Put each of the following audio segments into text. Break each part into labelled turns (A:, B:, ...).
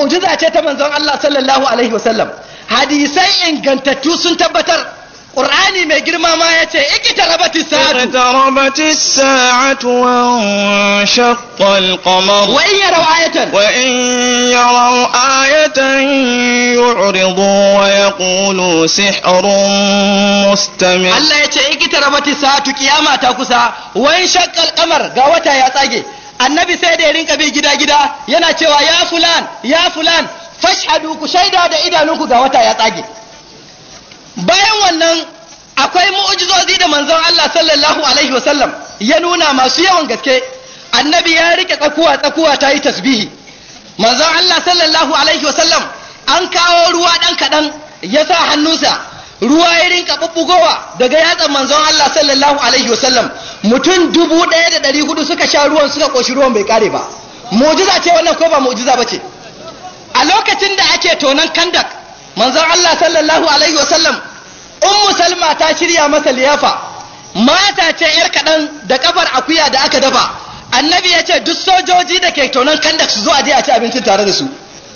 A: mu'jiza ce ta manzon Allah sallallahu alaihi wasallam hadisai ingantattu sun tabbatar Qur'ani mai girma ma ya ce tarabati sa'atu tarabati sa'atu
B: wa shaqqa al-qamar wa in yaraw ayatan wa in yaraw ayatan yu'ridu wa yaqulu sihrun mustamir Allah
A: ya ce tarabati sa'atu kiyama ta kusa wa in shaqqa al-qamar ga wata ya tsage annabi sai da ya rinka bi gida gida yana cewa ya fulan ya fulan fashhadu ku shaida da idanunku ga wata ya tsage bayan wannan akwai mu'jizozi da manzon Allah sallallahu alaihi wasallam ya nuna masu yawan gaske annabi ya rike tsakuwa tsakuwa ta yi tasbihi manzon Allah sallallahu alaihi wasallam an kawo ruwa dan kadan ya sa hannunsa ruwa ya rinka bubbugowa daga yatsan manzon Allah sallallahu alaihi wasallam mutum dubu ɗaya da ɗari hudu suka sha ruwan suka ƙoshi ruwan bai kare ba mu'jiza ce wannan ko ba mu'jiza ba ce a lokacin da ake tonan kandak manzon Allah sallallahu alaihi wasallam ummu salma ta shirya masa liyafa mata ce yar kaɗan da kafar akuya da aka dafa annabi ya ce duk sojoji da ke tonon kandak su zo a je a ci abinci tare da su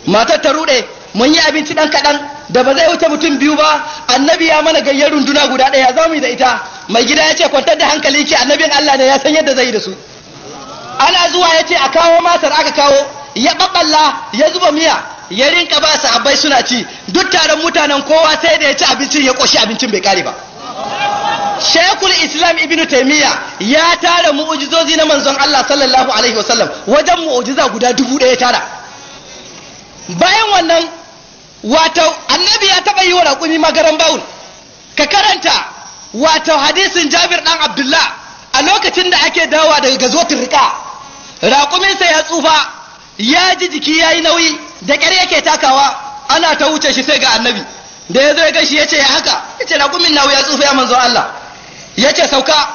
A: matar ta ruɗe mun yi abinci ɗan kaɗan da ba zai wuce mutum biyu ba annabi ya mana gayyar runduna guda ɗaya za mu yi da ita mai gida ya ce kwantar da hankali ke annabin Allah ne ya san yadda zai yi da su ana zuwa ya ce a kawo matar aka kawo ya ɓaɓɓalla ya zuba miya ya rinka ba su abai suna ci duk taron mutanen kowa sai da ya ci abincin ya ƙoshi abincin bai kare ba shekul islam ibn taimiyya ya tara mu'ujizozi na manzon Allah sallallahu alaihi wasallam wajen mu'ujiza guda dubu ɗaya tara bayan wannan wato annabi ya taɓa yi wa raƙumi magaran bawul ka karanta wato hadisin jabir ɗan abdullah a lokacin da ake dawowa daga gazotin riƙa raƙuminsa ya tsufa ya ji jiki ya yi nauyi da ƙyar yake takawa ana ta wuce shi sai ga annabi da ya zo ya gashi ya ce ya haka ya ce raƙumin ya tsufa ya manzo Allah ya ce sauka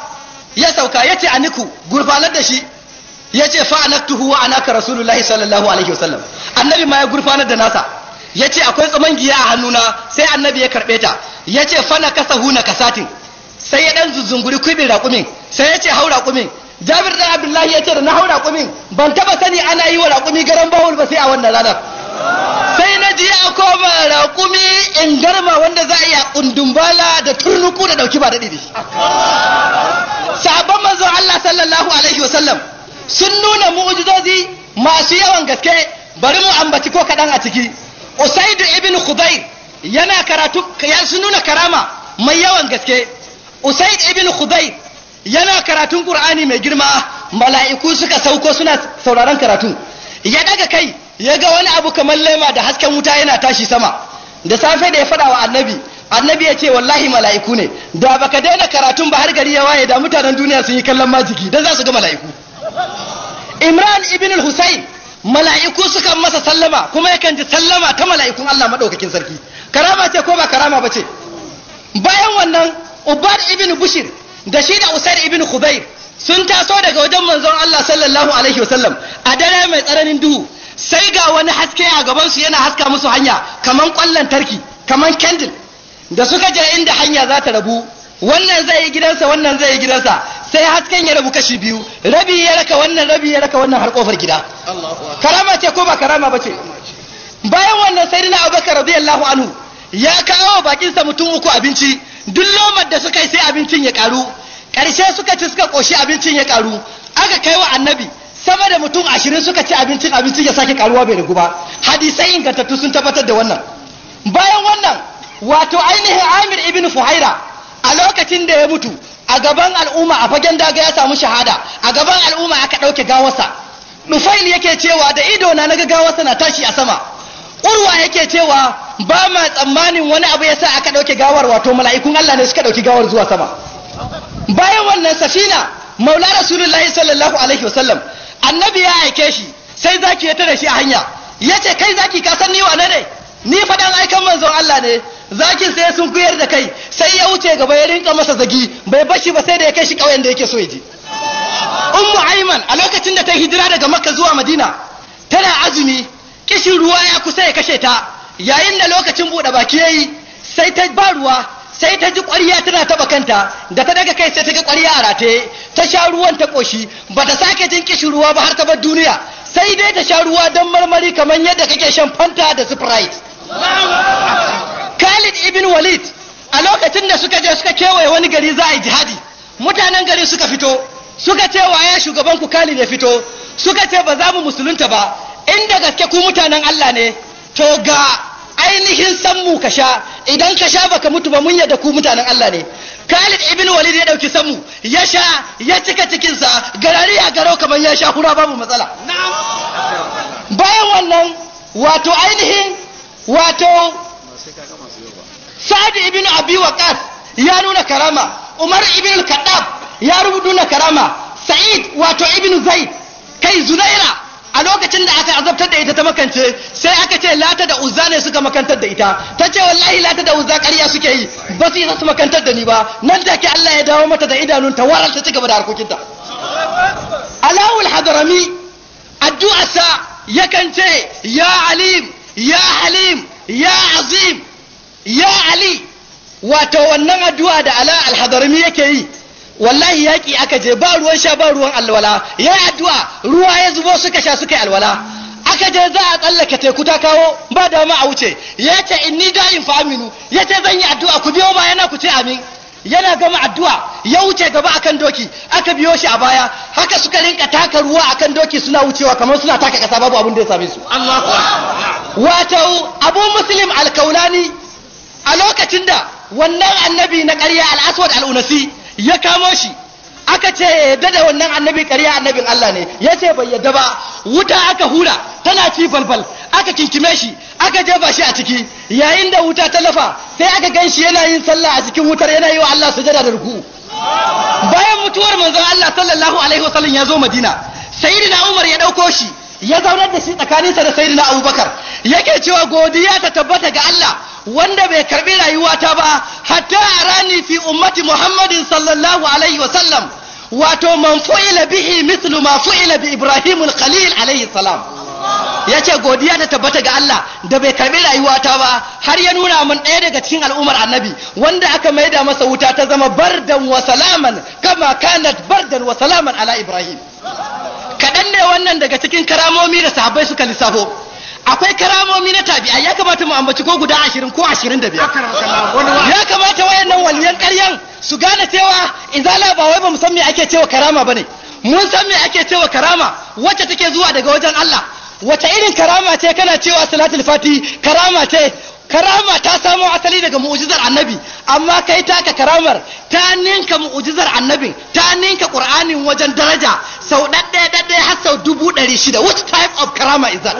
A: ya sauka ya ce aniku gurfanar da shi ya ce fa'anaktuhu wa anaka rasulullahi sallallahu alaihi wasallam annabi ma ya gurfanar da nasa ya ce akwai tsaman giya a hannuna sai annabi ya karɓe ta ya ce fana kasa huna kasatin sai ya ɗan zuzzunguri kwibin raƙumin sai ya ce hau raƙumin jabir da abdullahi ya ce da na hau raƙumin ban taɓa sani ana yi wa raƙumi garan bahul ba sai a wannan ranar sai na ji a koma raƙumi in garma wanda za a yi a ƙundumbala da turnuku da ɗauki ba daɗi ne sabon manzo Allah sallallahu alaihi wasallam sun nuna mu'ujizozi masu yawan gaske bari mu ambaci ko kaɗan a ciki usaidu ibn khudayr yana karatu ya nuna karama mai yawan gaske usaid ibn khudayr yana karatun qur'ani mai girma mala'iku suka sauko suna sauraron karatu ya daga kai ya ga wani abu kamar lema da hasken wuta yana tashi sama da safe da ya fada wa annabi annabi ya ce wallahi mala'iku ne da baka daina karatun ba har gari ya waye da mutanen duniya sun yi kallon majiki dan za su ga mala'iku imran ibn al-husayn mala'iku sukan masa sallama kuma yakan ji sallama ta mala'ikun Allah madaukakin sarki karama ce ko ba karama bace? bayan wannan ubad ibn bushir da shi da usair ibn Khubair sun taso daga wajen manzon Allah sallallahu alaihi wasallam a dare mai tsananin duhu sai ga wani haske a gaban su yana haska musu hanya kaman kwallon tarki kaman candle da suka je inda hanya za ta rabu wannan zai yi gidansa wannan zai yi gidansa sai hasken ya rabu kashi biyu rabi ya raka wannan rabi ya raka wannan har kofar gida karama ce ko ba karama ba ce bayan wannan sai dina abubakar radiyallahu anhu ya kawo bakinsa mutum uku abinci duk lomar da suka yi sai abincin ya karu karshe suka ci suka koshi abincin ya karu aka kai wa annabi sama da mutum ashirin suka ci abincin abincin ya sake karuwa bai ragu ba hadisai ingantattu sun tabbatar da wannan bayan wannan wato ainihin amir ibn fuhaira a lokacin da ya mutu a gaban al'umma a fagen daga ya samu shahada a gaban al'umma aka ɗauke gawarsa nufail yake cewa da ido na naga gawarsa na tashi a sama urwa yake cewa ba ma tsammanin wani abu ya sa aka ɗauke gawar wato mala'ikun Allah ne suka ɗauki gawar zuwa sama bayan wannan safina maula rasulullahi sallallahu alaihi wasallam annabi ya aike shi sai zaki ya tare shi a hanya Ya ce kai zaki ka san ni wa ne ni faɗan aikan manzon Allah ne zakin sai sun kuyar da kai sai ya wuce gaba ya rinka masa zagi bai bashi ba sai da ya kai shi ƙauyen da yake so ya ummu ayman a lokacin da ta hijira daga makka zuwa madina tana azumi kishin ruwa ya kusa ya kashe ta yayin da lokacin buɗe baki yayi sai ta ba ruwa sai ta ji ƙwariya tana taba kanta da ta daga kai sai ta ga ƙwariya a rataye ta sha ruwan ta koshi ba ta sake jin kishin ruwa ba har ta bar duniya sai dai ta sha ruwa don marmari kamar yadda kake shan fanta da sprite Khalid ibn Walid a lokacin da suka je suka kewaye wani gari za a yi jihadi mutanen gari suka fito suka ce ya shugaban ku Khalid ya fito suka ce ba za mu musulunta ba inda gaske ku mutanen Allah ne to ga ainihin mu ka sha idan ka sha baka mutu ba mun yadda ku mutanen Allah ne Khalid ibn Walid ya dauki mu ya sha ya cika cikin sa garari a garo kamar ya sha hura babu matsala bayan wannan wato ainihin wato Sadi ibn abi waqas ya nuna karama umar ibn al-kaddab ya rubuta karama sa'id wato ibn zaid kai zunaira a lokacin da aka azabtar da ita ta makance sai aka ce lata da uzza ne suka makantar da ita ta ce wallahi lata da uzza ƙarya suke yi ba su yi su makantar da ni ba nan take Allah ya dawo mata da idanunta warar ta ci gaba da harkokinta alawul hadrami addu'arsa yakan ce ya alim ya halim ya azim ya ali wato wannan addu'a da ala alhadarmi yake yi wallahi yaƙi aka je ba ruwan sha ba ruwan alwala ya addu'a ruwa ya zubo suka sha suka yi alwala aka je za a tsallaka teku ta kawo ba ma a wuce ya ce inni da'in fa aminu ya ce zan yi addu'a ku biyo bayana ku ce amin yana gama addu'a ya wuce gaba akan doki aka biyo shi a baya haka suka rinka taka ruwa akan doki suna wucewa kamar suna taka kasa babu abin da ya same su wato abu muslim alkaulani a lokacin da wannan annabi na ƙarya al'aswad al'unasi ya kamo shi aka ce ya yadda da wannan annabi ƙarya annabin Allah ne ya ce bai yadda ba wuta aka hura tana ci balbal aka kinkime shi aka jefa shi a ciki yayin da wuta ta lafa sai aka gan shi yana yin sallah a cikin wutar yana yi wa Allah sujada da ruku bayan mutuwar manzon Allah sallallahu alaihi wasallam ya zo Madina sayyidina Umar ya dauko shi ya zaunar da shi tsakaninsa da sayyidina Abubakar yake cewa godiya ta tabbata ga Allah wanda bai karbi rayuwata ba hatta arani fi ummati Muhammadin sallallahu alaihi wasallam wato man fu'ila bihi mithlu ma fu'ila bi Ibrahim al-Khalil alayhi salam yace godiya da tabbata ga Allah da bai karbi rayuwata ba har ya nuna min ɗaya daga cikin al'ummar annabi wanda aka maida masa wuta ta zama bardan wa salaman kama kanat bardan wa salaman ala Ibrahim kaɗan ne wannan daga cikin karamomi da sahabbai suka lissafo akwai karamomi na tabi'a ya kamata mu ambaci ko guda ashirin ko ashirin da biyar ya kamata wayannan waliyan karyan su gane cewa izala ba wai ba mu san me ake cewa karama bane mun san me ake cewa karama wacce take zuwa daga wajen Allah wace irin karama ce kana cewa salatul fati karama ce karama ta samo asali daga mu'jizar annabi amma kai taka karamar ta ninka mu'jizar annabin ta ninka qur'anin wajen daraja sau ɗaɗɗaya ɗaɗɗaya har sau dubu ɗari shida which type of karama is that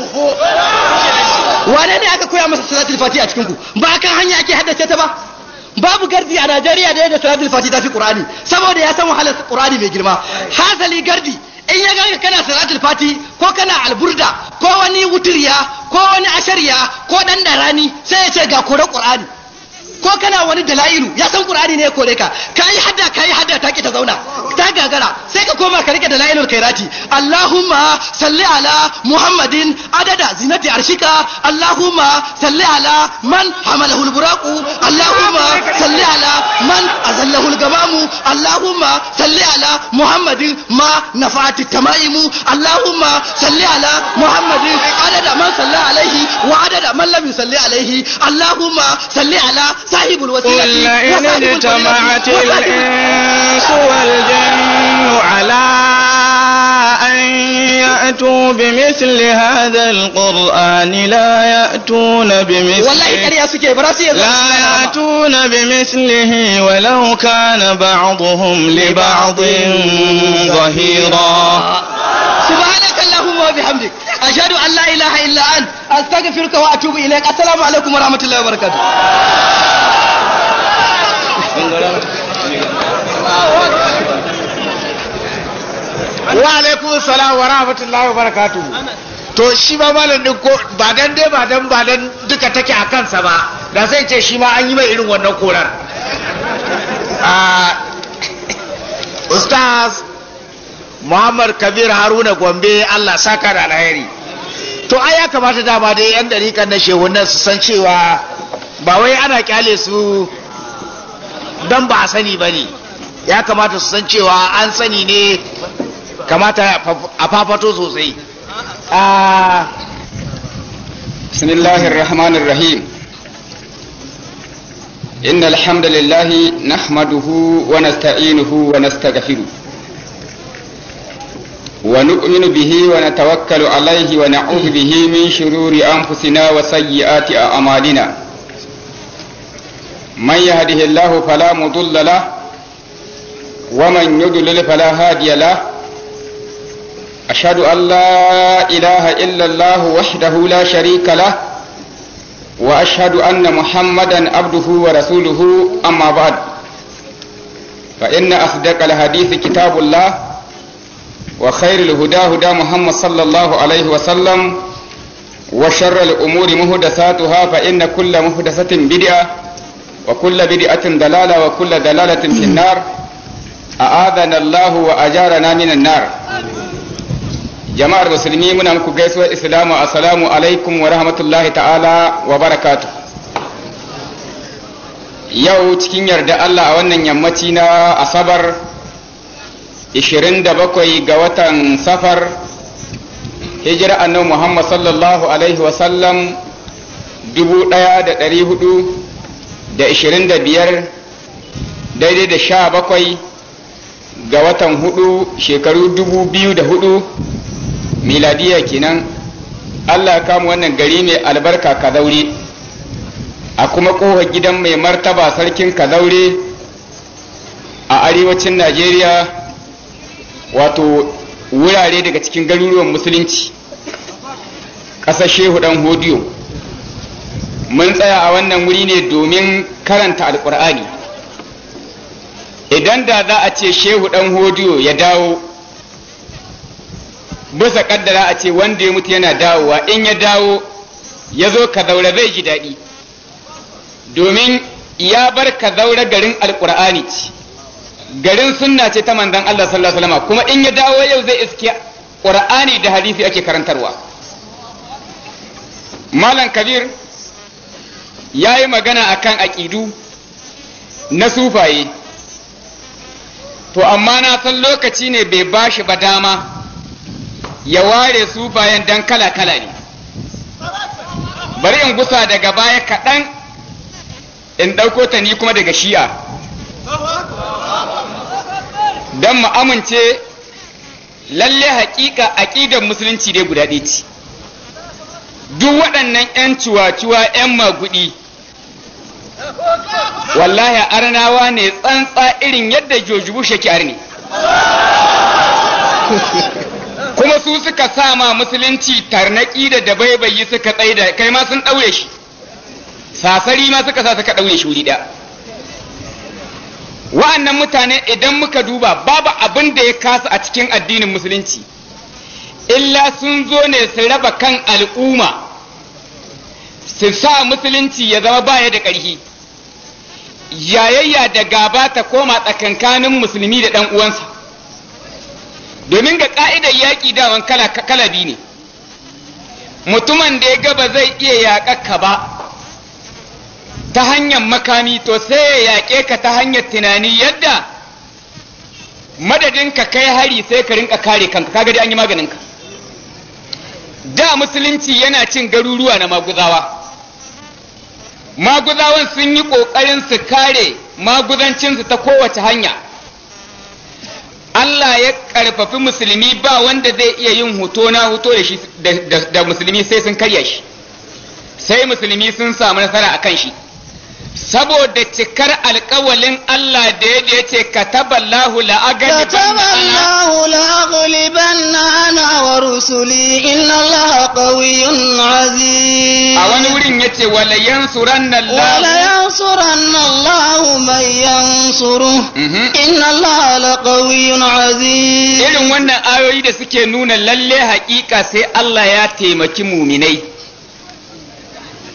A: wane ne aka koya masa salatul fati a cikin ku ba kan hanya ake haddace ta ba babu gardi a Najeriya da yadda salatul fati ta fi qur'ani saboda ya san wahalar qur'ani mai girma hasali gardi in ya ganka kana salatul fati ko kana alburda ko wani wuturiya ko wani ashariya ko dan darani sai ya ce ga kore qur'ani ko kana wani dala'ilu ya san qur'ani ne ya kore ka kayi hadda kayi hadda ta ki ta zauna ta gagara sai ka koma ka rike dalailul khairati allahumma salli ala muhammadin adada zinati arshika allahumma salli ala man hamalahu alburaqu allahumma salli ala man azallahu algamamu allahumma salli ala muhammadin ma nafa'ati tamaimu allahumma salli ala muhammadin adada man salla alaihi wa adada man lam yusalli alaihi allahumma salli ala صاحب الوسيلة قل إن اجتمعت
B: الإنس
A: والجن على
B: أن يأتوا بمثل هذا القرآن لا يأتون بمثله لا يأتون بمثله ولو كان بعضهم لبعض ظهيرا
A: سبحانك اللهم وبحمدك ashhadu allah la ilaha illa an astaghfiruka wa atubu ilaik assalamu alaikum wa rahmatullahi wa barakatuh wa
C: alaikum salam wa rahmatullahi wa barakatuh to shi ba malam din ko ba dan dai ba dan ba dan duka take a kansa ba da zai ce shi ma an yi mai irin wannan korar ustaz muhammad kabir haruna gombe allah saka da alheri to ai ya kamata dama dai yan dariƙan na shehunan su san cewa ba wai ana kyale su don ba a sani ba ne ya kamata su san cewa an sani ne kamata a fafato sosai bismillahir rahmanir rahim إن الحمد لله نحمده ونستعينه ونستغفره ونؤمن به ونتوكل عليه ونعوذ به من شرور أنفسنا وسيئات أعمالنا من يهده الله فلا مضل له ومن يضلل فلا هادي له أشهد أن لا إله إلا الله وحده لا شريك له وأشهد أن محمدا عبده ورسوله أما بعد فإن أصدق الحديث كتاب الله وخير الهدى هدى محمد صلى الله عليه وسلم وشر الأمور مهدثاتها فإن كل مهدثة بدعة وكل بدعة دلالة وكل دلالة في النار أعاذنا الله وأجارنا من النار jama'ar musulmi muna muku gaisuwar islamu assalamu alaikum wa rahmatullahi ta'ala wa barakatu yau cikin yarda Allah a wannan yammaci na asabar Ishirin da bakwai ga watan safar hijira annabi Muhammad sallallahu alaihi wasallam biyar daidai da sha bakwai ga watan hudu shekaru dubu biyu da hudu miladiya kenan Allah ya kama wannan gari mai albarka zaure a kuma koha gidan mai martaba sarkin zaure a arewacin Najeriya wato wurare daga cikin garuruwan musulunci ƙasar shehu ɗan hodiyo mun tsaya a wannan wuri ne domin karanta alƙur'ani idan da za a ce shehu ɗan hodiyo ya dawo bisa ƙaddara a ce wanda ya mutu yana dawowa in ya dawo ya zo ka zaura zai ji daɗi domin ya bar ka zaura garin alƙur'ani ce garin sunna ce ta manzon Allah sallallahu alaihi wasallam kuma in ya dawo yau zai iske Qur'ani da hadisi ake karantarwa Malam Kabir yayi magana akan aƙidu na sufaye to amma na san lokaci ne bai bashi ba dama ya ware sufayen dan kala-kala ne bari in gusa daga baya kaɗan in ɗauko ta ni kuma daga shi'a don mu amince lalle haƙiƙa aƙidar musulunci dai guda ɗaya ce duk waɗannan 'yan cuwa-cuwa 'yan magudi wallahi arnawa ne tsantsa irin yadda jojubu shakiyar ne kuma su suka sa ma musulunci tarnaƙi da dabaibayi suka tsaida kai ma sun ɗaure shi sasari ma suka sa suka ɗaure shi wuri ɗaya wa'annan mutane idan muka duba babu abin da ya kasa a cikin addinin musulunci illa sun zo ne su raba kan al'umma su sa musulunci ya zama baya da ƙarfi yayayya da gaba ta koma tsakankanin musulmi da ɗan uwansa domin ga ƙa'idar yaƙi dawan kala ne mutumin da ya gaba zai iya yaƙa ka ba ta hanyar makami to sai ya yaƙe ka ta hanyar tunani yadda madadin ka kai hari sai ka rinka kare kanka kaga dai an yi maganin da musulunci yana cin garuruwa na maguzawa maguzawan sun yi ƙoƙarin su kare maguzancinsu ta kowace hanya Allah ya ƙarfafi musulmi ba wanda zai iya yin hoto na hoto da, da musulmi sai sun karya shi sai musulmi sun samu nasara a kan shi saboda cikar alkawalin Allah da ya ce kataballahu na
D: ana wa rusuli inna Allah qawiyyun aziz a wani
C: wurin yace wala yansuranna Allah wala
D: yansuranna Allah man yansuru mhm. inna Allah laqawiyyun aziz irin wannan ayoyi da
C: suke nuna lalle haƙiƙa sai Allah ya taimaki muminai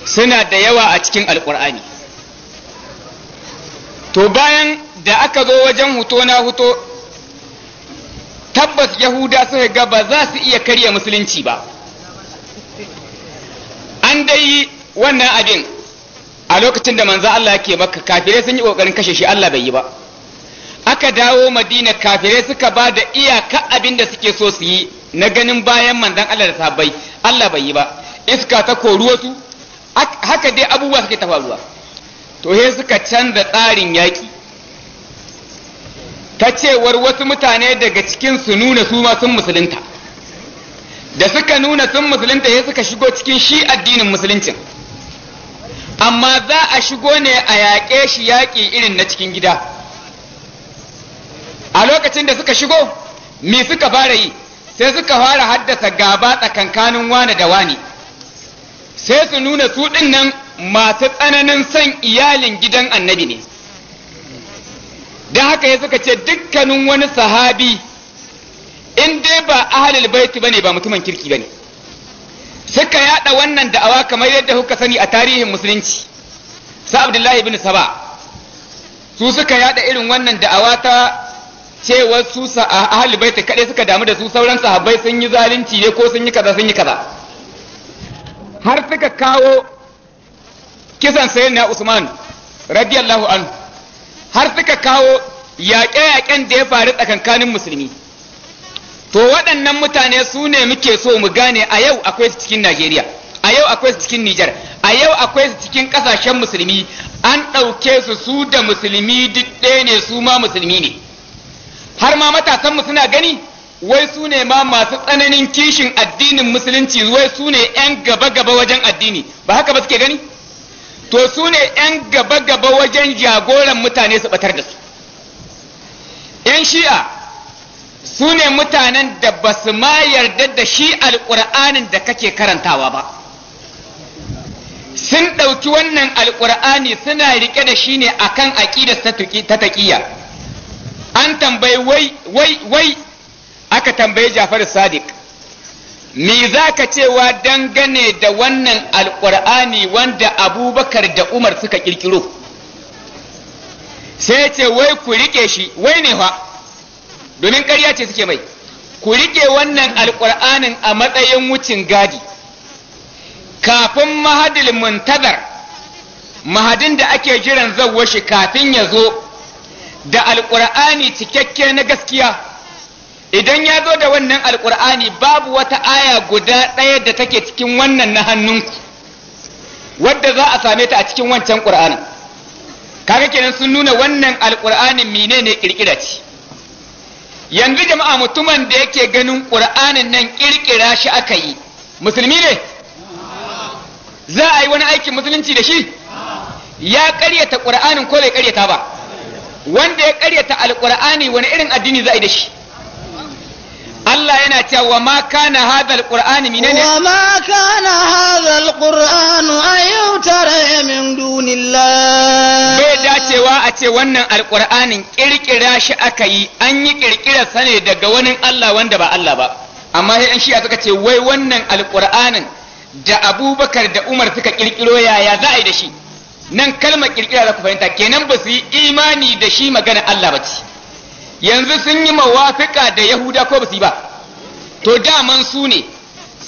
C: suna da yawa a cikin alkur'ani to bayan da aka zo wajen huto na huto tabbas yahuda suka ga ba za su iya karya musulunci ba an dai wannan abin a lokacin da manzo Allah ke maka kafirai sun yi kokarin kashe shi Allah bai yi ba aka dawo madina kafirai suka ba da iyaka abin da suke so su yi na ganin bayan manzon Allah da sahabbai Allah bai yi ba iska ta koruwatu haka dai abubuwa suke ta to he suka canza tsarin yaƙi ta cewar wasu mutane daga cikin su nuna su ma sun musulunta da suka nuna sun musulunta he suka shigo cikin shi addinin musuluncin amma za a shigo ne a yaƙe shi yaƙi irin na cikin gida a lokacin da suka shigo me suka fara yi sai suka fara haddasa gaba tsakankanin wane da wane sai su nuna su ɗin nan masu tsananin son iyalin gidan annabi ne Da haka ya suka ce dukkanin wani sahabi in dai ba ahalil baiti ne ba mutumin kirki ba ne, suka yada wannan da'awa kamar yadda kuka sani a tarihin musulunci sa abdullahi bin saba su suka yada irin wannan da'awa ta cewa su ahalil baiti kadai suka damu da su sauran sahabai sun yi zalunci ne ko sun yi kaza sun yi kaza har suka kawo kisan sai na usman radiyallahu anhu har suka kawo yaƙe-yaƙen da ya faru tsakankanin musulmi to waɗannan mutane su ne muke so mu gane a yau akwai su cikin najeriya a yau akwai su cikin nijar a yau akwai su cikin ƙasashen musulmi an ɗauke su su da musulmi duk ɗaya ne su ma musulmi ne har ma matasanmu suna gani wai su ne ma masu tsananin kishin addinin musulunci wai su ne 'yan gaba-gaba wajen addini ba haka ba suke gani to su ne 'yan gaba-gaba wajen jagoran mutane su batar da su 'yan shi'a su ne mutanen da ba su ma yarda da shi alƙur'anin da kake karantawa ba sun ɗauki wannan alƙur'ani suna riƙe da shi ne a kan aƙidar ta taƙiyya an tambayi wai wai wai aka tambayi jafar sadiq Me za ka cewa dangane da wannan alƙur'ani wanda abubakar da Umar suka ƙirƙiro? Sai ce wai ku riƙe shi, wai ne fa, domin ƙarya ce suke mai, ku riƙe wannan alƙur'anin a matsayin wucin gadi. Kafin mahadil muntazar, mahadin da ake jiran zawwa shi kafin ya zo da alƙur'ani cikakke na gaskiya. idan ya zo da wannan alkur'ani babu wata aya guda ɗaya da take cikin wannan na hannunku wadda za a same ta a cikin wancan ƙur'anin kaga kenan sun nuna wannan alkur'anin mine ne ƙirƙira ce yanzu jama'a mutumin da yake ganin ƙur'anin nan ƙirƙira shi aka yi musulmi ne za a yi wani aikin musulunci da shi ya ƙaryata ƙur'anin ko bai ƙaryata ba wanda ya ƙaryata alƙur'ani wani irin addini za a yi da shi Allah yana cewa wa ma kana hadha alqur'ani minene wa
D: ma kana hadha alqur'anu ayyutara min dunillah bai
C: dacewa a ce wannan alqur'anin kirkira shi aka yi an yi kirkira sane daga wani Allah wanda ba Allah ba amma sai an shi suka ce wai wannan alqur'anin da Abubakar da Umar suka kirkiro yaya za a yi da shi nan kalmar kirkira za ku fahimta kenan ba su yi imani da shi magana Allah ba ce yanzu sun yi mawafiƙa da yahuda ko ba su yi ba to daman su ne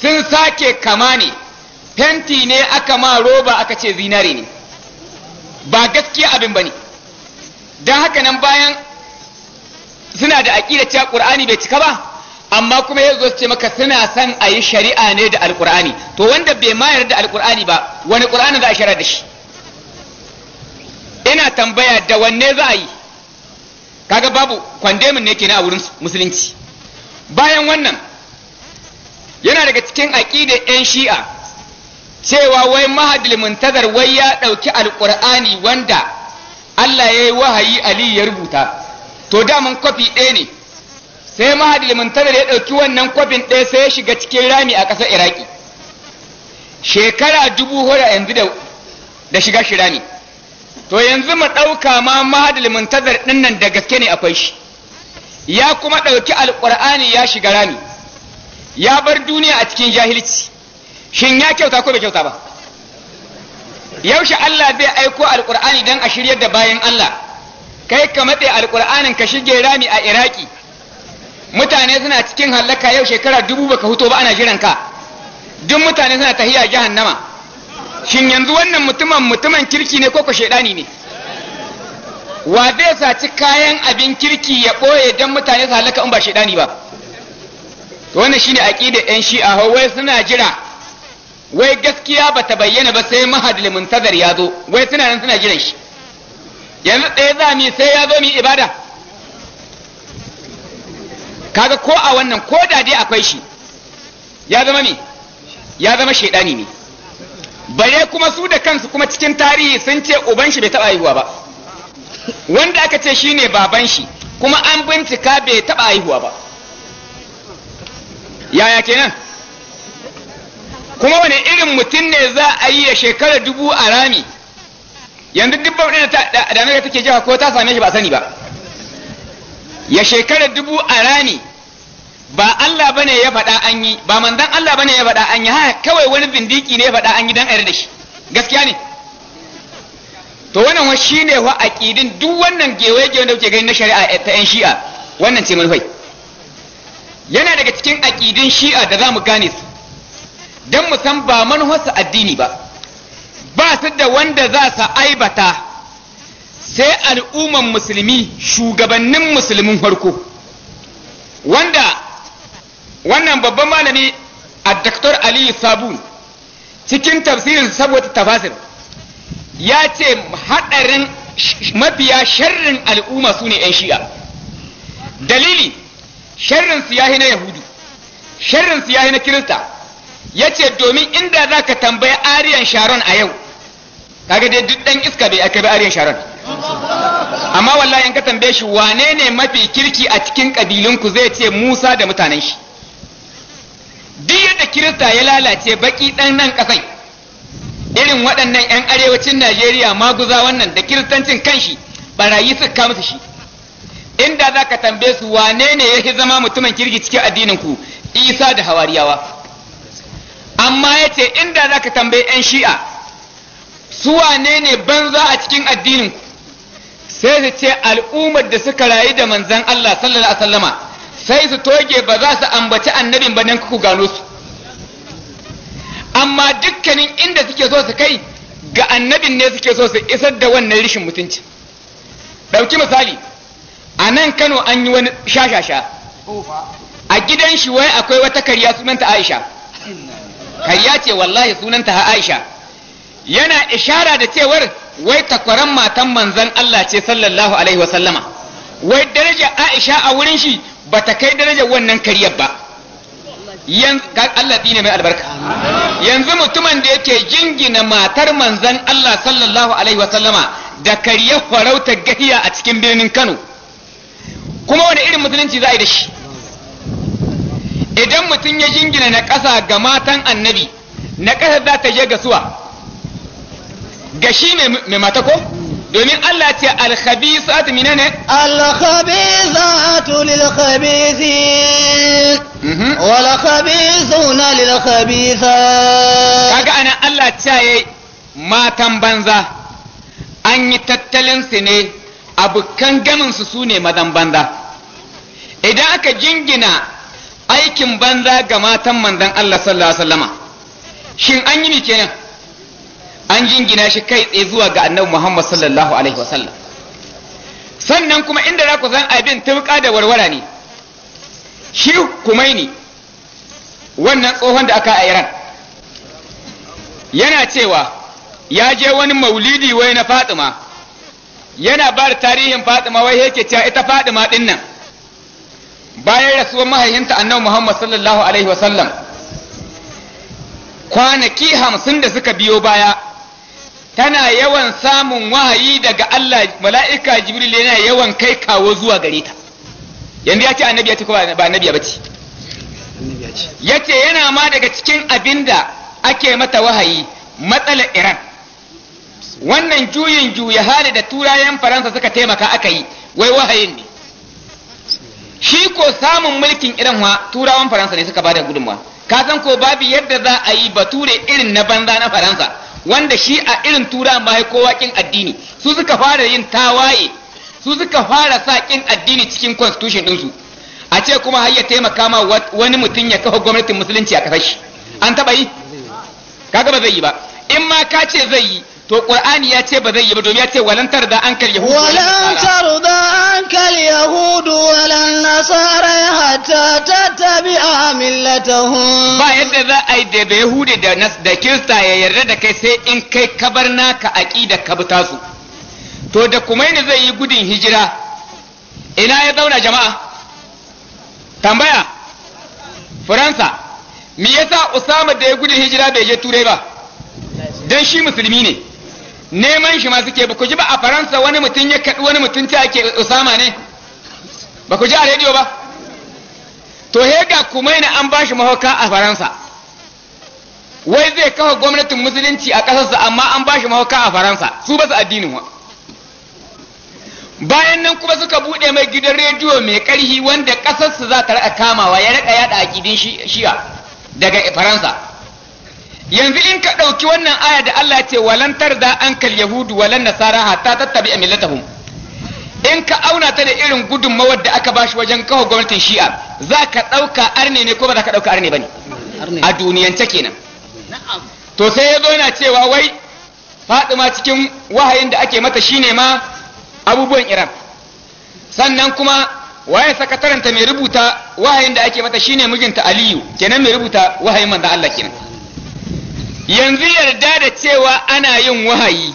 C: sun sake kama ne fenti ne aka ma roba aka ce zinare ne ba gaskiya abin ba ne don haka nan bayan suna da aƙida cewa ƙur'ani bai cika ba amma kuma ya zo su ce maka suna son a yi shari'a ne da alƙur'ani to wanda bai mayar da alƙur'ani ba wani ƙur'ani za a shara da shi ina tambaya da wanne za a yi kaga babu kwandemin ne kenan a wurin musulunci bayan wannan yana daga cikin aqidar yan shi'a cewa wai mahadil muntazar wai ya ɗauki Alƙur'ani wanda Allah ya yi wahayi Ali ya rubuta to mun kwafi ɗaya ne sai mahadil muntazar ya ɗauki wannan kwafin ɗaya sai ya shiga cikin rami a ƙasar Iraki shekara dubu hura yanzu da shiga shi rami to yanzu mu ɗauka ma mahadul muntazar ɗin nan da gaske ne akwai shi ya kuma ɗauki alƙur'ani ya shiga rami ya bar duniya a cikin jahilci shin ya kyauta ko bai kyauta ba yaushe Allah zai aiko alƙur'ani don a shiryar da bayan Allah kai ka matse alƙur'anin ka shige rami a iraki mutane suna cikin hallaka yau shekara dubu baka huto ba ana jiran ka duk mutane suna tahiya jahannama shin yanzu wannan mutumin mutumin kirki ne koko shaidani ne wa zai saci kayan abin kirki ya ɓoye don mutane su halaka in ba shaidani ba to wannan shine da yan shi'a wai suna jira wai gaskiya ba ta bayyana ba sai mahadil muntazar ya zo wai suna nan suna jiran shi yanzu ɗaya za mu sai ya zo mu ibada kaga ko a wannan ko da dai akwai shi ya zama me ya zama shaidani ne bare kuma su da kansu kuma cikin tarihi sun ce uban shi bai taba haihuwa ba wanda aka ce shine baban shi kuma an bincika bai taba haihuwa ba yaya kenan kuma wani irin mutum ne za a yi ya shekara dubu a rami yanzu duk bauɗin da amerika take jiha ko ta same shi ba sani ba ya shekara dubu a rami ba Allah bane ya faɗa an yi ba manzon Allah bane ya faɗa an yi ha kawai wani bindiki ne ya faɗa an yi dan ayar da shi gaskiya ne to wannan wa shine wa aqidin duk wannan gewaye wanda kuke gani na shari'a eh, ta yan shi'a wannan ce manufai yana daga cikin aqidin shi'a da zamu gane su dan mu san ba manufarsu addini ba ba su da wanda za su aibata sai al'umman musulmi shugabannin musulmin farko wanda wannan babban malami a Dr. aliyu sabun cikin tafsirin saboda tafasir ya ce haɗarin mafiya sharrin al'umma su ne 'yan shi'a dalili sharrin su yahi na yahudu sharrin su yahi na kirista ya ce domin inda za ka tambayi ariyan sharon a yau kaga dai duk ɗan iska bai aka bi ariyan sharon amma wallahi in ka tambaye shi wane ne mafi kirki a cikin ƙabilunku zai ce musa da mutanen shi duk yadda kirista ya lalace baki ɗan nan ƙasai irin waɗannan 'yan arewacin najeriya maguza wannan da kiristancin kanshi barayi su kama su shi inda za ka tambaye su wane ne ya zama mutumin kirgi cikin addinin ku isa da hawariyawa amma ya ce inda za ka tambaye 'yan shi'a su wane ne banza a cikin addinin ku sai su ce al'ummar da suka rayu da manzan allah sallallahu alaihi sai su toge ba za su ambaci annabin ba nan ku gano su amma dukkanin inda suke so su kai ga annabin ne suke so su isar da wannan rishin mutunci ɗauki misali a nan kano an yi wani shashasha a gidan shi wai akwai wata karya sunanta aisha karya ce wallahi sunanta ha aisha yana ishara da cewar wai takwaran matan manzan Allah ce sallallahu alaihi wasallama wai darajar Aisha a wurin shi ba ta kai darajar wannan karyar ba Allah ne mai albarka yanzu mutumin da yake jingina matar manzan Allah sallallahu alaihi wasallama da karyar farautar gahiya a cikin birnin Kano kuma wani irin musulunci za a yi da shi idan mutum ya jingina na ƙasa ga matan annabi na ƙasa za ta je gasuwa. suwa ga shi mai mata ko domin Allah ce alkhabisat menene
D: alkhabisat lilkhabisin mhm. wal khabisuna lilkhabisa kaga
C: ana Allah ce matan banza an yi tattalin su ne abukan ganin su su ne madan banza idan aka jingina aikin banza ga matan manzon Allah sallallahu alaihi wasallama shin an yi ne kenan an jingina shi kai tsaye zuwa ga annabi Muhammad sallallahu alaihi wasallam sannan kuma inda za ku san abin turka da warwara ne shi kumaini wannan tsohon da aka a yana cewa ya je wani maulidi wai na Fatima yana ba da tarihin Fatima wai yake cewa ita Fatima din nan bayan rasuwar mahaihinta annabi Muhammad sallallahu alaihi wasallam kwanaki hamsin da suka biyo baya tana yawan samun wahayi daga Allah mala'ika jibril yana yawan kai kawo zuwa gare ta yanzu ya ce annabi ya ce ko ba annabi ba ce ya ce yana ma daga cikin abinda ake mata wahayi matsala iran wannan juyin juya hali da turayen faransa suka taimaka aka yi wai wahayin ne shi ko samun mulkin irin wa turawan faransa ne suka bada gudunmawa ka san ko babu yadda za a yi bature irin na banza na faransa wanda shi a irin tura ma kowa kin addini su suka fara yin tawaye su suka fara sa kin addini cikin constitution su a ce kuma har ya taimaka ma wani mutum ya kafa gwamnatin musulunci a kasar shi an taɓa yi kaga ba zai yi ba in ma ka ce zai yi to qur'ani ya ce ba zai yi ba domin ya ce walan tarda an kal yahudu walan tarda
D: an kal yahudu walan nasara hatta tattabi'a millatahum ba
C: yadda za a yi da yahudi da nas da kirista ya yarda da kai sai in kai kabar naka aqida ka buta su to da kuma ne zai yi gudun hijira ina ya zauna jama'a tambaya faransa me yasa usama da ya gudun hijira bai je turai ba dan shi musulmi ne neman shi ma suke ba ku ji ba a faransa wani mutum ya kaɗi wani mutum ta ake usama ne ba ku ji a rediyo ba to hega kuma ina an bashi mahauka a faransa wai zai kafa gwamnatin musulunci a ƙasarsa amma an bashi mahauka a faransa su ba su addinin wa bayan nan kuma suka buɗe mai gidan rediyo mai ƙarfi wanda ƙasarsa za ta raɗa kamawa ya raɗa yaɗa aƙidin shiya daga faransa yanzu in ka ɗauki wannan aya da Allah ce walan an kal yahudu walan nasara ta tattabi millatahum in ka auna ta da irin gudunmawar da aka bashi wajen kawo gwamnatin shi'a za ka ɗauka arne ne ko ba za ka ɗauka arne ba ne a duniyance kenan to sai ya zo yana cewa wai fadima cikin wahayin da ake mata shine ma abubuwan iran sannan kuma waye sakataranta mai rubuta wahayin da ake mata shine mijinta aliyu kenan mai rubuta wahayin manzan Allah kenan yanzu yarda da cewa ana yin wahayi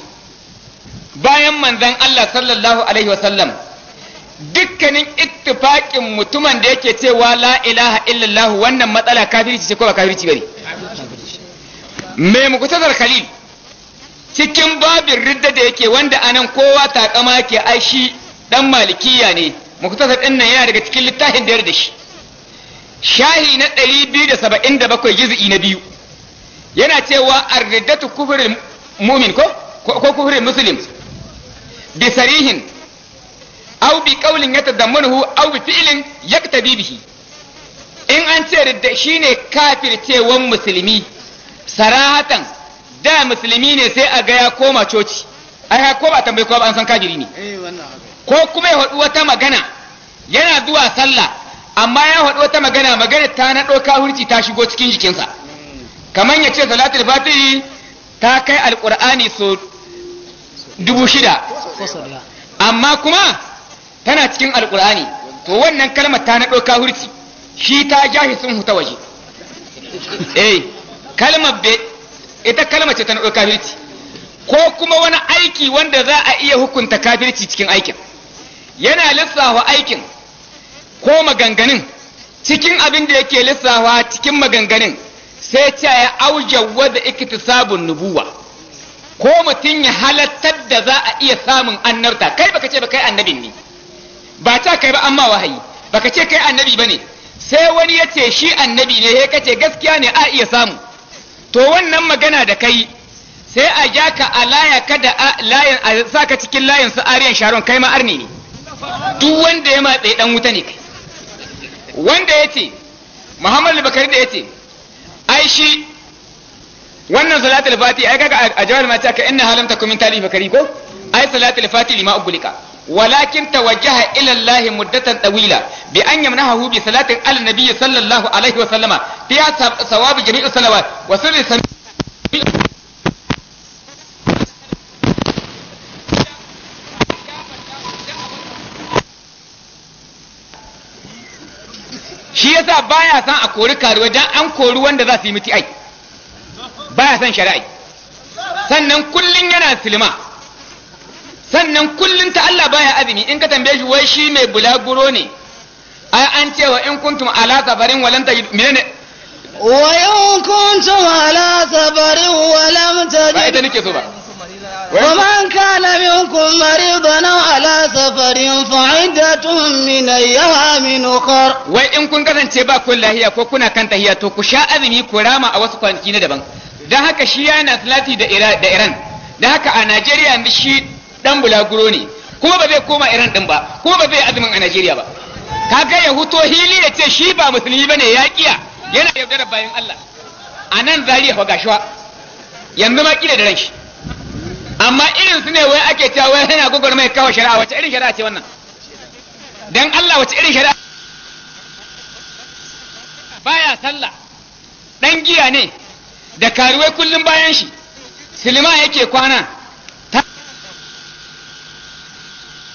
C: bayan manzan Allah sallallahu alaihi wasallam dukkanin ittifaƙin mutumin da yake cewa la ilaha illallah wannan matsala kafirci ce ko ba kafirci bane mai mukutazar khalil cikin babin ridda da yake wanda anan kowa takama ke ai dan malikiya ne muktasar din nan yana daga cikin littafin da da shi shahi na 277 juz'i na biyu yana cewa ar-riddatu kufrul mu'min ko ko kufrul muslim bi sarihin aw bi qawlin yatadammanuhu aw bi fi'lin yaktabi bihi in an ce ridda shine kafircewan musulmi sarahatan da musulmi ne sai a ga ya koma coci ai ko ba tambayi ko ba an san kafiri ne eh, ko kuma ya faɗi wata magana yana zuwa sallah amma ya haɗu wata magana magana ta naɗo kahurci ta shigo cikin jikinsa kaman ya ce salatul fatihi ta kai alqur'ani so dubu shida amma kuma tana cikin alqur'ani to wannan kalmar ta naɗo kahurci shi ta jahi sun huta waje eh kalmar be ita kalmar ce ta naɗo kahurci ko kuma wani aiki wanda za a iya hukunta kafirci cikin aikin yana lissafa aikin ko maganganun cikin abin da yake lissafa cikin maganganun sai ce ya aujawa da sabon nubuwa ko mutum ya halattar da za a iya samun annarta kai baka ce ba kai annabin ne ba ta kai ba amma wahayi baka ce kai annabi bane sai wani ya ce shi annabi ne ya kace gaskiya ne a iya samu to wannan magana da kai sai a ja ka a laya ka da layin a sa ka cikin layin su ariyan sharon kai ma arni ne duk wanda ya matsayi dan wuta ne kai wanda ya ce muhammadu bakari da ya ce ai shi wannan salatul fati ai kaga a jawal mata ka inna halam takum min talifa kari ko ai salatul fati lima ubulika walakin tawajjaha ila Allah muddatan tawila bi an yamnahu bi salatin ala nabiy sallallahu alaihi wa sallama fiya sawabi jami'u salawat wa sirri sami shi yasa baya san a kori karuwa dan an kori wanda za su yi miti ai baya san shari'ai sannan kullun yana silma sannan kullun ta Allah baya azumi in ka tambaye shi wai shi mai bulaguro ne ai an cewa in kuntum ala safarin walam tajid menene
D: wa in kuntum ala safarin walam tajid ba ita nake so ba ومن كان منكم مريضا أو على سفر فعدة من أيام أخر
C: وإن كنت كنت با كل هي كنا كنت هي تو كشاء أذني كراما أو سكوان كينا دبان da haka shi yana salati da Iran da haka a Najeriya yanzu shi dan bulaguro ne kuma ba zai koma Iran din ba kuma ba zai azumin a Najeriya ba kaga ya huto hili ya ce shi ba musulmi bane ya kiya yana yaudarar bayan Allah a nan zariya fa gashuwa yanzu ma kila da ranshi amma irin su ne wai ake cewa wai yana gogor mai kawo shari'a wace irin shari'a ce wannan dan Allah wace irin shari'a baya sallah dan giya ne da karuwai kullum bayan shi silima yake kwana ta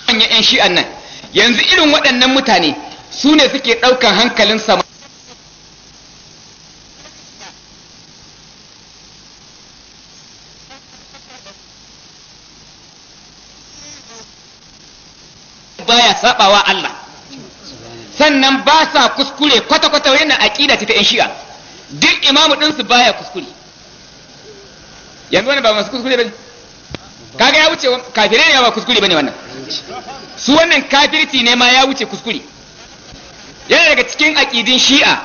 C: yan shi'an nan yanzu irin waɗannan mutane su ne suke ɗaukan hankalin sama baya sabawa Allah sannan ba sa kuskure kwata-kwata na aƙida ta yan shi'a duk imamu din su baya kuskure yanzu wani ba masu kuskure ba ne kaga ya wuce kafire ne ba kuskure ba ne wannan su wannan kafirci ne ma ya wuce kuskure yana daga cikin aƙidin shi'a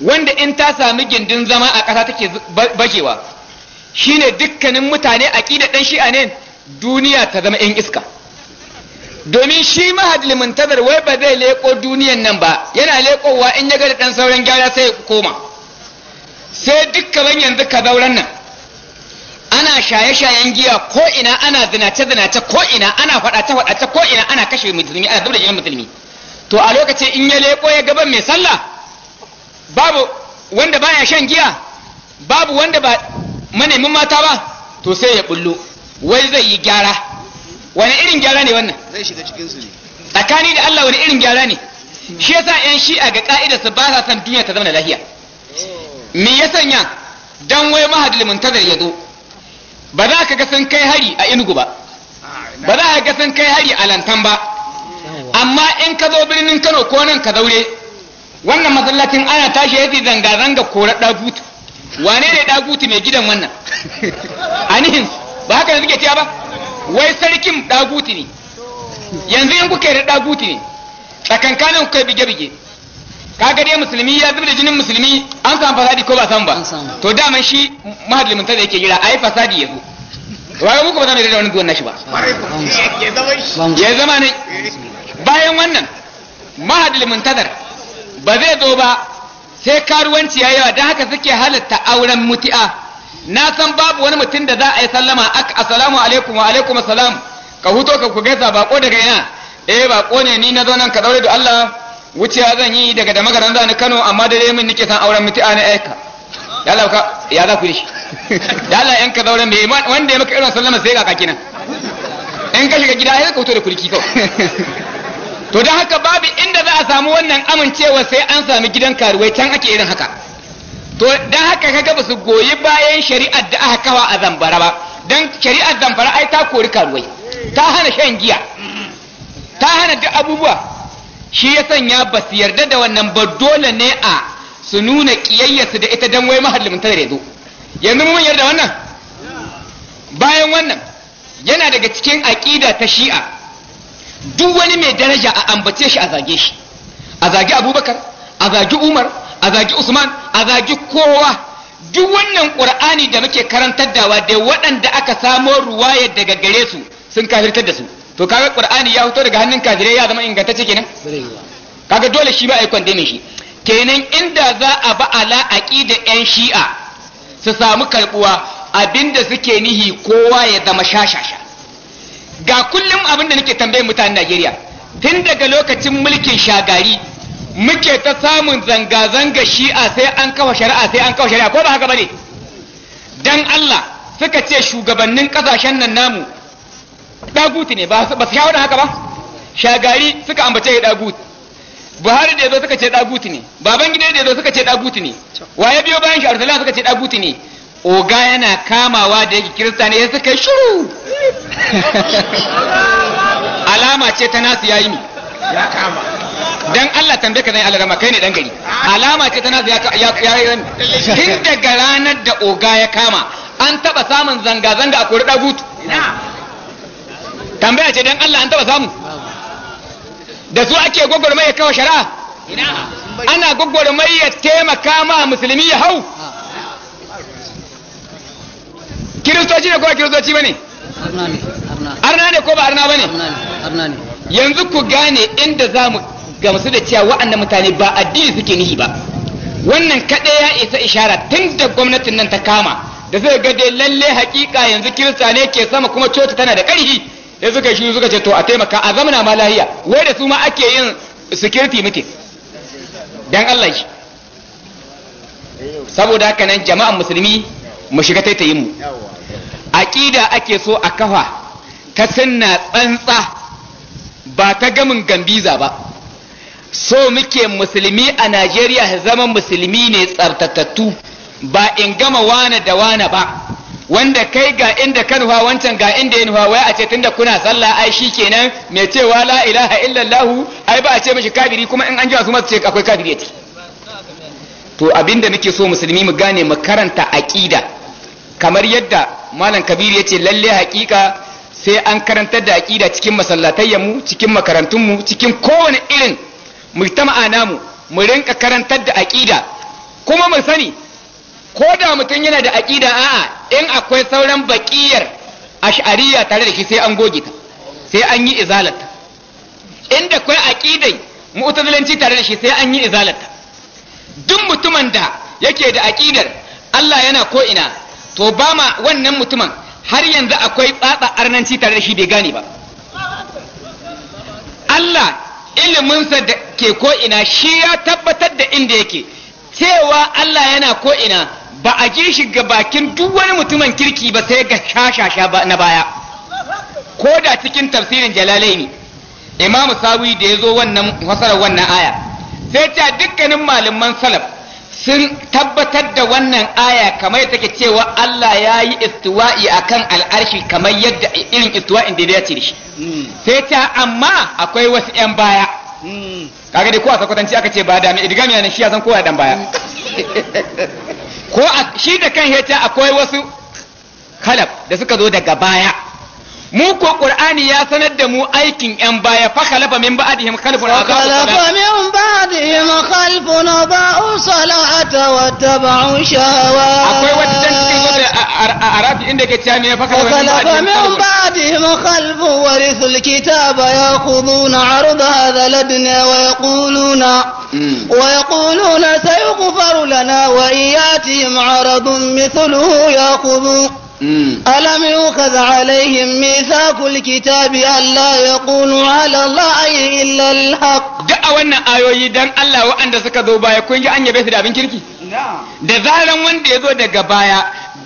C: wanda in ta sami gindin zama a ƙasa take bajewa shine dukkanin mutane aqida ɗan shi'a ne duniya ta zama yan iska domin shi mahadil muntazir wai ba zai leko duniyan nan ba yana lekowa in ya ga da dan sauran gyara sai ya koma sai dukkan yanzu ka zauren nan ana shaye-shayen giya ko ina ana zinace-zinace ko ina ana faɗace-faɗace ko ina ana kashe musulmi ana dubda jinin musulmi to a lokacin in ya leko ya gaban mai sallah babu wanda baya shan giya babu wanda ba manemin mata ba to sai ya bullo wai zai yi gyara wani irin gyara ne wannan zai shiga cikin su ne tsakani da Allah wani irin gyara ne shi yasa yan shi'a ga ka'idar su ba sa son duniya ta zama lafiya oh. me ya sanya dan wai mahadil muntazir ya zo ba za ka ga sun kai hari a inugu ba ah, ba za ka ga sun kai hari a lantan ba amma in ka zo birnin Kano ko nan ka zaure wannan masallacin ana tashi yafi zanga zanga kora dagutu wane ne dagutu mai gidan wannan anihin ba haka ne suke cewa ba wai sarkin daguti ne yanzu in kuka da daguti ne tsakankanin kuka bige-bige kaga dai musulmi ya zubi da jinin musulmi an samu fasadi ko ba samu ba to daman shi mahadin ta da yake a ai fasadi ya zo wai muku ba za mu da wani gona shi ba ya zama ne bayan wannan mahadlimin tazar ba zai zo ba sai karuwanci ya yawa don haka suke halatta auren muti'a na san babu wani mutum da za a yi sallama ak assalamu alaikum wa alaikum assalam ka huto ka ku gaisa bako daga ina eh bako ne ni na zo nan ka daure da Allah wuciya zan yi daga da magaran zan Kano amma da dai mun nike san auren mutu'a na aika ya Allah ka ya za ku yi ya Allah in ka daure me wanda ya maka irin sallama sai ga kaki nan in ka shiga gida sai ka huto da kulki kawai to dan haka babu inda za a samu wannan amincewa sai an sami gidan karuwai can ake irin haka to dan haka kaga ba goyi bayan shari'ar da aka kawa a zambara ba dan shari'ar zambara ai ta kori karuwai ta hana shan giya ta hana duk abubuwa shi ya sanya ba su yarda da wannan ba dole ne a su nuna kiyayyarsu da ita dan wai mahallin da zo yanzu mun yarda wannan bayan wannan yana daga cikin aƙida ta shi'a duk wani mai daraja a ambace shi a zage shi a zage abubakar a zage umar a zagi usman a zagi kowa duk wannan qur'ani da muke karantar dawa da waɗanda aka samo ruwaya daga gare su sun kafirtar da su to kaga qur'ani ya fito daga hannun kafirai ya zama ingantacce kenan kaga dole shi ba a yi kwande shi kenan inda za a ba ala aqida yan shi'a su samu karbuwa abinda suke nihi kowa ya zama shashasha ga kullum abinda nake tambayar mutanen Najeriya tun daga lokacin mulkin shagari muke ta samun zanga-zanga shi'a sai an kawo shari'a sai an kawo shari'a ko ba haka bane dan Allah suka ce shugabannin kasashen nan namu daguti ne ba su shawo haka ba shagari suka ambace ya daguti Buhari da yazo suka ce daguti ne Babangida da yazo suka ce daguti ne waye biyo bayan shi Arsalan suka ce daguti ne oga yana kamawa da yake kirista ne ya suka shiru alama ce ta nasu yayi ne ya kama dan Allah tambaye ka zan Allah rama kai ne dan gari alama ce tana ya ya tun daga ranar da oga ya kama an taba samun zanga zanga a kori dagutu tambaya ce dan Allah an taba samu da su ake gwagwarmaya kawo shari'a ana ya taimaka ma musulmi ya hau kiristoci ne ko kiristoci bane arna ne ko ba arna bane yanzu ku gane inda zamu Ga masu da cewa wa'annan mutane ba addini suke nihi ba wannan kaɗai ya isa ishara tun da gwamnatin nan ta kama da zai ga dai lalle hakika yanzu kirista ne ke sama kuma coci tana da ƙarfi sai suka shiru suka ce to a taimaka a zamana ma lahiya wai da su ma ake yin security muke. dan Allah shi saboda haka nan jama'an musulmi mu shiga taitayin mu aqida ake so a kafa ta sunna tsantsa ba ta gamin gambiza ba so muke musulmi a Najeriya zama musulmi ne tsartatattu ba in gama wane da wane ba wanda kai ga inda kan nufa wancan ga inda yin nufa wai a ce tunda kuna sallah ai shi kenan mai cewa la ilaha illallah ai ba a ce mishi kafiri kuma in an ji su masu ce akwai kafiri ce to abinda muke so musulmi mu gane mu karanta aqida kamar yadda malam kabiri yace lalle haƙiƙa sai an karantar da aqida cikin masallatayyanmu cikin makarantunmu cikin kowane irin ta namu mu rinka karantar da aqida kuma mu sani ko da mutum yana da aqida a'a in akwai sauran baƙiyar ash'ariya tare da shi sai an goge ta sai an yi izalata in akwai aqidai mu'tazilanci tare da shi sai an yi izalata duk mutumin da yake da aƙidar Allah yana ko ina to ba ma wannan mutumin har yanzu akwai tsatsa arnanci tare da shi bai gane ba Allah iliminsa da ke ko'ina shi ya tabbatar da inda yake cewa Allah yana ko'ina ba a ji shi ga bakin duk wani mutumin kirki ba sai ga shashasha na baya ko da cikin tafsirin jalalai ne. imamu sawi da ya zo wannan wannan aya sai ta dukkanin malaman salaf sun tabbatar da wannan aya kamar take cewa Allah ya yi istiwa'i a kan al'arshi kamar yadda irin istiwa'in da ya cire shi. Hmm. Sai ta amma akwai wasu ‘yan baya. Hmm. Kaga dai ko a sakwatanci aka ce ba da mai idigami yanin shi ya san kowa dan baya. Ko shi da kan heta akwai wasu kalab da suka zo daga baya. mu ko qur'ani ya sanar da mu aikin yan baya fa khalafa min ba'dihim khalfun wa khalafa
D: min ba'dihim khalfun ba'u salata wa tabu shahawa akwai wata can cikin wata arafi inda yake cewa me fa khalafa min ba'dihim khalfun warithul kitaba ya'khuduna 'arda hadha ladna wa yaquluna ويقولون سيغفر لنا وإياتهم عرض مثله يأخذون Mm. ألم يوكذ عليهم ميثاق الكتاب ألا يقولوا على الله إلا
C: الحق duk a wannan ayoyi dan Allah waɗanda suka zo baya kun ji an yabe su da abin kirki da zaran wanda ya zo daga baya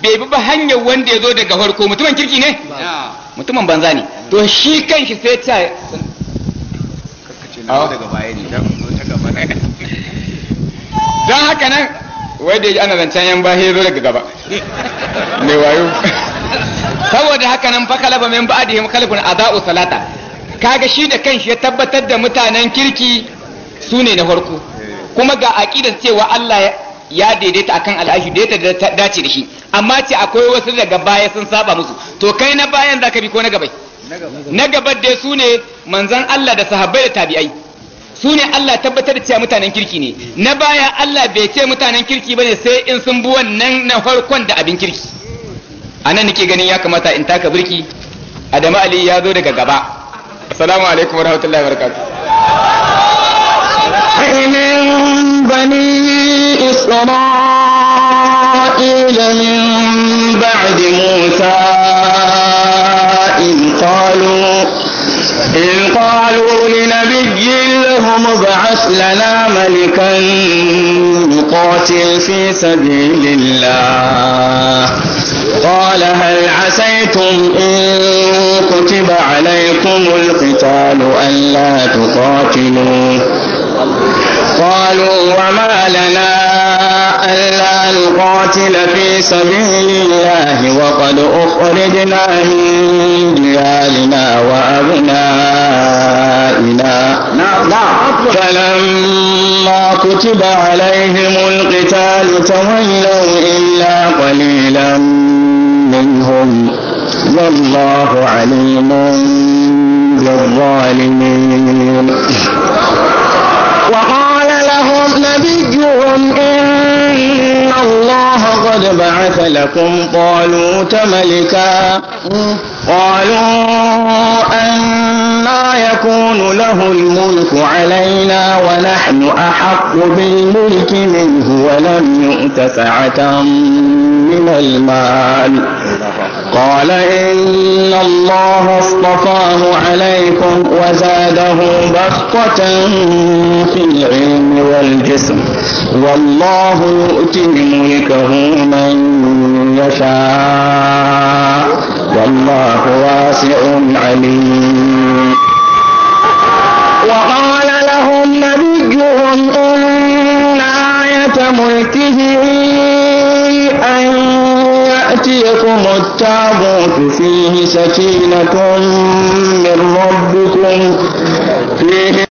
C: bai bi ba hanyar wanda ya zo daga harko mutumin kirki ne mutumin banza ne to shi kanshi sai ta yi. ne don haka nan wai da ana zancen yan bahi zo daga gaba mai wayo saboda haka nan fa kalaba min ba'dihim kalbun adau salata kaga shi da kanshi ya tabbatar da mutanen kirki su ne na farko kuma ga aqidar cewa Allah ya daidaita akan al'ashi daidaita da dace da shi amma ce akwai wasu daga baya sun saba musu to kai na bayan zaka bi ko na gaba na gaba dai su ne manzon Allah da sahabbai da tabi'ai su ne Allah tabbatar da cewa mutanen kirki ne na baya Allah bai ce mutanen kirki ne sai in sun bi wannan na farkon da abin kirki anan nake ganin ya kamata in taka birki Adamu Ali ya zo daga gaba assalamu alaikum warahmatullahi wabarakatuh
B: bani إسرائيل من بعد موسى إذ قالوا إذ قالوا لنبي لهم ابعث لنا ملكا نقاتل في سبيل الله قال هل عسيتم إن كتب عليكم القتال ألا تقاتلوا قالوا وما لنا ألا نقاتل في سبيل الله وقد أخرجنا من ديارنا وأبنائنا نعم. نعم. فلما كتب عليهم القتال تولوا إلا قليلا منهم والله عليم بالظالمين وقال لهم نبيهم إن إن الله قد بعث لكم طالوت ملكا قالوا أنا يكون له الملك علينا ونحن أحق بالملك منه ولم يؤت سعة من المال قال إن الله اصطفاه عليكم وزاده بخطة في العلم والجسم والله يؤتي ملكه من يشاء والله واسع عليم وقال لهم نبيهم إن آية ملكه يأتيكم التابوت فيه سكينة من ربكم فيه